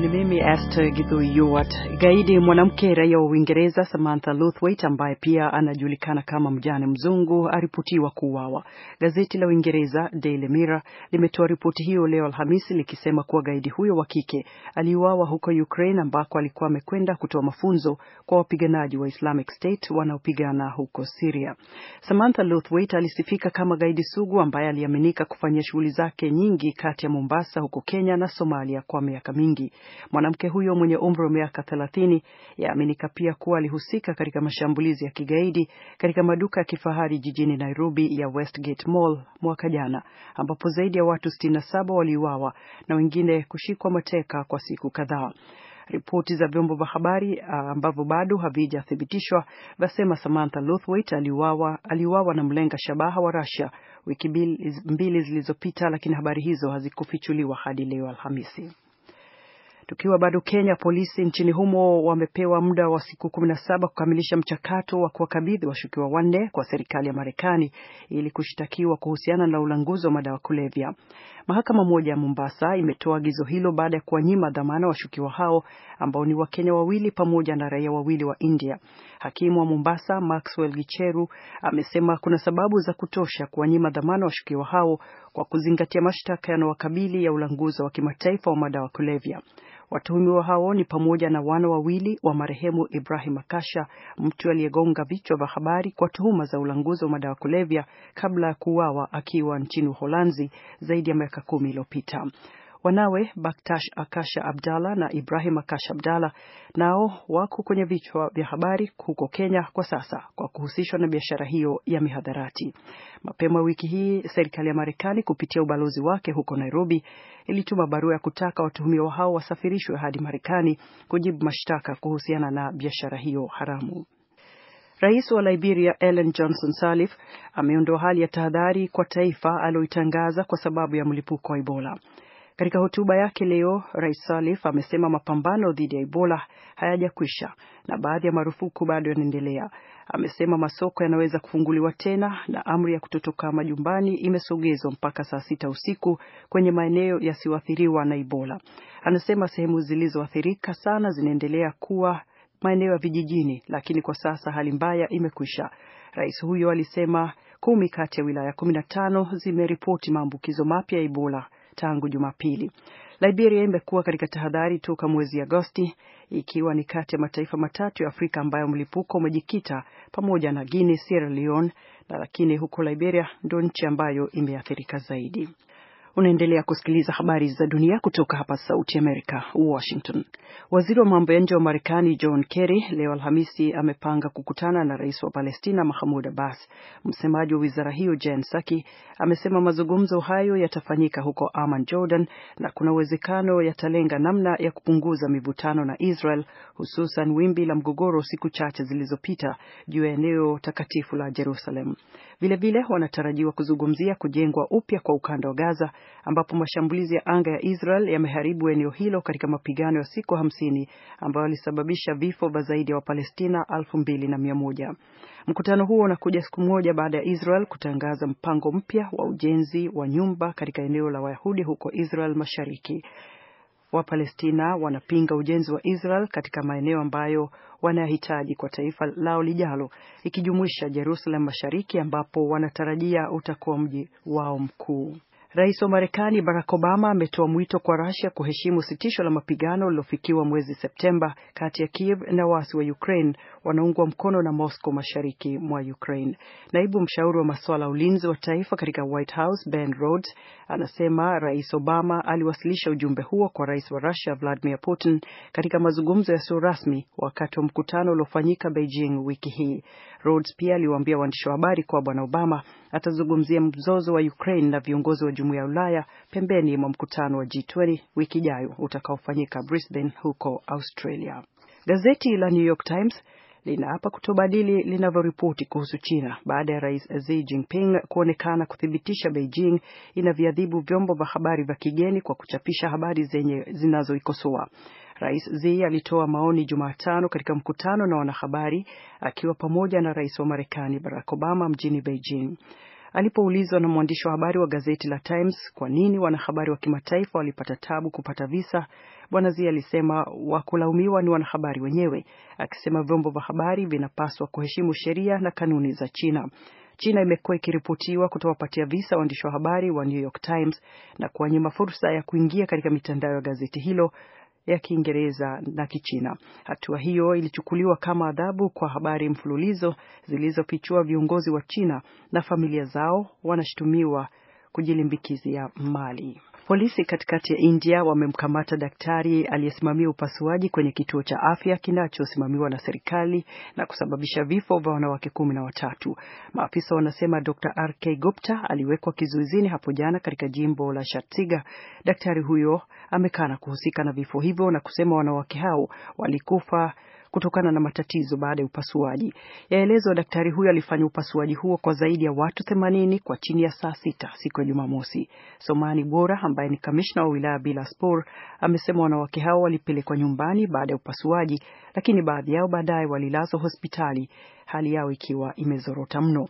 ni mimi Esther Githu Yuat. Gaidi mwanamke raia wa Uingereza Samantha Luthwaite ambaye pia anajulikana kama mjane mzungu aripotiwa kuuawa. Gazeti la Uingereza Daily Mirror limetoa ripoti hiyo leo Alhamisi likisema kuwa gaidi huyo wa kike aliuawa huko Ukraine ambako alikuwa amekwenda kutoa mafunzo kwa wapiganaji wa Islamic State wanaopigana huko Syria. Samantha Luthwaite alisifika kama gaidi sugu ambaye aliaminika kufanyia shughuli zake nyingi kati ya Mombasa huko Kenya na Somalia kwa miaka mingi. Mwanamke huyo mwenye umri wa miaka 30 yaaminika pia kuwa alihusika katika mashambulizi ya kigaidi katika maduka ya kifahari jijini Nairobi ya Westgate Mall mwaka jana, ambapo zaidi ya watu 67 waliuawa na wengine kushikwa mateka kwa siku kadhaa. Ripoti za vyombo vya habari ambavyo bado havijathibitishwa vasema Samantha Luthwaite aliuawa aliuawa na mlenga shabaha wa Russia wiki mbili zilizopita, lakini habari hizo hazikufichuliwa hadi leo Alhamisi. Tukiwa bado Kenya, polisi nchini humo wamepewa muda wa siku 17 kukamilisha mchakato wa kuwakabidhi washukiwa wanne kwa serikali ya Marekani ili kushtakiwa kuhusiana na ulanguzi wa madawa kulevya. Mahakama moja ya Mombasa imetoa agizo hilo baada ya kuwanyima dhamana washukiwa hao ambao ni Wakenya wawili pamoja na raia wawili wa India. Hakimu wa Mombasa Maxwell Gicheru amesema kuna sababu za kutosha kuwanyima dhamana washukiwa hao kwa kuzingatia mashtaka yanayowakabili ya ulanguzi wa kimataifa wa madawa kulevya. Watuhumiwa hao ni pamoja na wana wawili wa marehemu Ibrahim Akasha, mtu aliyegonga vichwa vya habari kwa tuhuma za ulanguzi wa madawa kulevya kabla ya kuuawa akiwa nchini Uholanzi zaidi ya miaka kumi iliyopita. Wanawe Baktash Akasha Abdalla na Ibrahim Akasha Abdalla nao wako kwenye vichwa vya habari huko Kenya kwa sasa kwa kuhusishwa na biashara hiyo ya mihadharati. Mapema wiki hii, serikali ya Marekani kupitia ubalozi wake huko Nairobi ilituma barua ya kutaka watuhumiwa hao wasafirishwe hadi Marekani kujibu mashtaka kuhusiana na biashara hiyo haramu. Rais wa Liberia Ellen Johnson Sirleaf ameondoa hali ya tahadhari kwa taifa aliyoitangaza kwa sababu ya mlipuko wa Ebola. Katika hotuba yake leo, Rais Salif amesema mapambano dhidi ya Ebola hayajakwisha na baadhi ya marufuku bado yanaendelea. Amesema masoko yanaweza kufunguliwa tena na amri ya kutotoka majumbani imesogezwa mpaka saa sita usiku kwenye maeneo yasiyoathiriwa na Ebola. Anasema sehemu zilizoathirika sana zinaendelea kuwa maeneo ya vijijini, lakini kwa sasa hali mbaya imekwisha. Rais huyo alisema kumi kati ya wilaya 15 zimeripoti maambukizo mapya ya Ebola tangu Jumapili. Liberia imekuwa katika tahadhari toka mwezi Agosti, ikiwa ni kati ya mataifa matatu ya Afrika ambayo mlipuko umejikita pamoja na Guinea, Sierra Leone na lakini huko Liberia ndio nchi ambayo imeathirika zaidi. Unaendelea kusikiliza habari za dunia kutoka hapa Sauti Amerika, Washington. Waziri wa mambo ya nje wa Marekani John Kerry leo Alhamisi amepanga kukutana na rais wa Palestina Mahmud Abbas. Msemaji wa wizara hiyo Jen Saki amesema mazungumzo hayo yatafanyika huko aman Jordan, na kuna uwezekano yatalenga namna ya kupunguza mivutano na Israel, hususan wimbi la mgogoro siku chache zilizopita juu ya eneo takatifu la Jerusalem. Vilevile wanatarajiwa kuzungumzia kujengwa upya kwa ukanda wa Gaza ambapo mashambulizi ya anga ya Israel yameharibu eneo hilo katika mapigano ya siku hamsini ambayo yalisababisha vifo vya zaidi ya Wapalestina elfu mbili na mia moja. Mkutano huo unakuja siku moja baada ya Israel kutangaza mpango mpya wa ujenzi wa nyumba katika eneo la Wayahudi huko Israel Mashariki. Wapalestina wanapinga ujenzi wa Israel katika maeneo ambayo wanayahitaji kwa taifa lao lijalo, ikijumuisha Jerusalem Mashariki ambapo wanatarajia utakuwa mji wao mkuu. Rais wa Marekani Barack Obama ametoa mwito kwa Russia kuheshimu sitisho la mapigano lilofikiwa mwezi Septemba kati ya Kiev na waasi wa Ukraine wanaungwa mkono na Moscow mashariki mwa Ukraine. Naibu mshauri wa masuala ya ulinzi wa taifa katika White House Ben Rhodes anasema Rais Obama aliwasilisha ujumbe huo kwa Rais wa Russia Vladimir Putin katika mazungumzo yasiyo rasmi wakati wa mkutano uliofanyika Beijing wiki hii. Rhodes pia aliwaambia waandishi wa habari kwa Bwana Obama atazungumzia mzozo wa Ukraine na viongozi wa jumuiya ya Ulaya pembeni mwa mkutano wa G20 wiki ijayo utakaofanyika Brisbane huko Australia. Gazeti la New York Times linaapa kutobadili linavyoripoti kuhusu China baada ya Rais Xi Jinping kuonekana kuthibitisha Beijing inaviadhibu vyombo vya habari vya kigeni kwa kuchapisha habari zenye zinazoikosoa. Rais Xi alitoa maoni Jumatano katika mkutano na wanahabari akiwa pamoja na Rais wa Marekani Barack Obama mjini Beijing alipoulizwa na mwandishi wa habari wa gazeti la Times kwa nini wanahabari wa kimataifa walipata tabu kupata visa, Bwana Zia alisema wakulaumiwa ni wanahabari wenyewe, akisema vyombo vya habari vinapaswa kuheshimu sheria na kanuni za China. China imekuwa ikiripotiwa kutowapatia visa waandishi wa habari wa New York Times na kuwanyima fursa ya kuingia katika mitandao ya gazeti hilo ya Kiingereza na Kichina. Hatua hiyo ilichukuliwa kama adhabu kwa habari mfululizo zilizofichua viongozi wa China na familia zao wanashutumiwa kujilimbikizia mali. Polisi katikati ya India wamemkamata daktari aliyesimamia upasuaji kwenye kituo cha afya kinachosimamiwa na serikali na kusababisha vifo vya wanawake kumi na watatu. Maafisa wanasema Dr. RK Gupta aliwekwa kizuizini hapo jana katika jimbo la shatiga Daktari huyo amekana kuhusika na vifo hivyo na kusema wanawake hao walikufa kutokana na matatizo baada ya upasuaji. Yaelezwa daktari huyo alifanya upasuaji huo kwa zaidi ya watu 80 kwa chini ya saa sita siku ya Jumamosi. Somani Bora ambaye ni kamishna wa wilaya Bilaspor amesema wanawake hao walipelekwa nyumbani baada ya upasuaji, lakini baadhi yao baadaye walilazwa hospitali, hali yao ikiwa imezorota mno.